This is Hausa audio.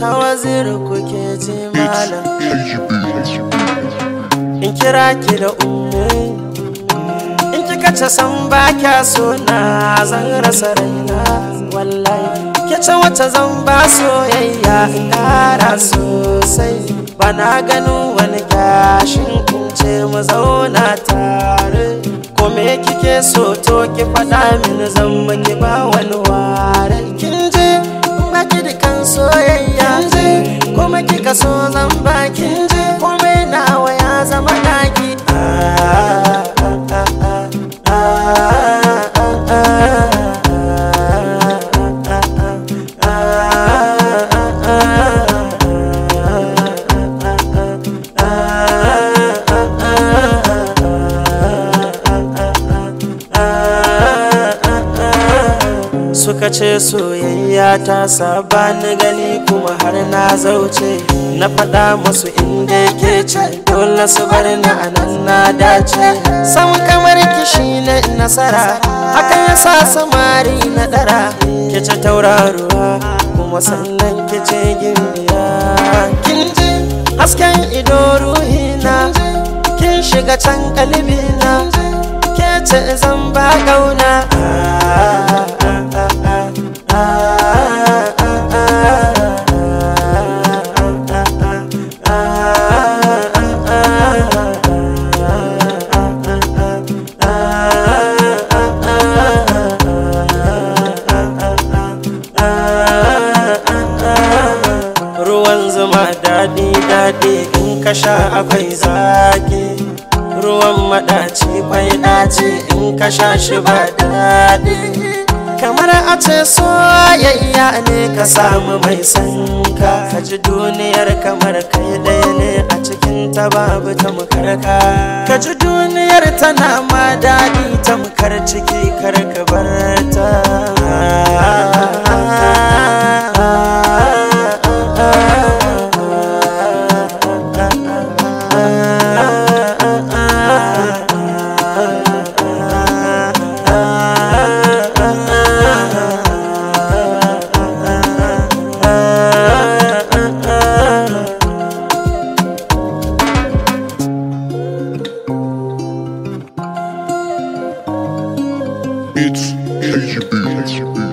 ta waziri kuke ji malam in kira ki da umu in kika ce san ba kya na, zan rasa raina wallahi ke ce wacce zan ba soyayya in sosai ba na ganin wani gashin kunce mu zauna tare kome kike so to ki faɗa min zan maki ba wani so zan bakin je komai nawa ya zama naki ah, ah, ah, ah, ah. ah, ah. suka ce soyayya ta saba ni gani kuma har na zauce na faɗa musu inda ke ce dole su bar ni a nan na dace san kamar kishi na nasara hakan ya sa samari na ɗara ke ce tauraruwa kuma sannan ke ce gimbiya kin ji hasken ido ruhina kin shiga can kalibina ke ce zan ba gauna ka sha akwai zaki ruwan madaci kwai daci in ka sha shi ba daɗi kamar a ce soyayya ne ka samu mai sanka ka ji duniyar kamar kai ɗaya ne a cikin ta babu tamkar ka ji duniyar tana ma daɗi tamkar ciki kar ka bar ta It's KGB.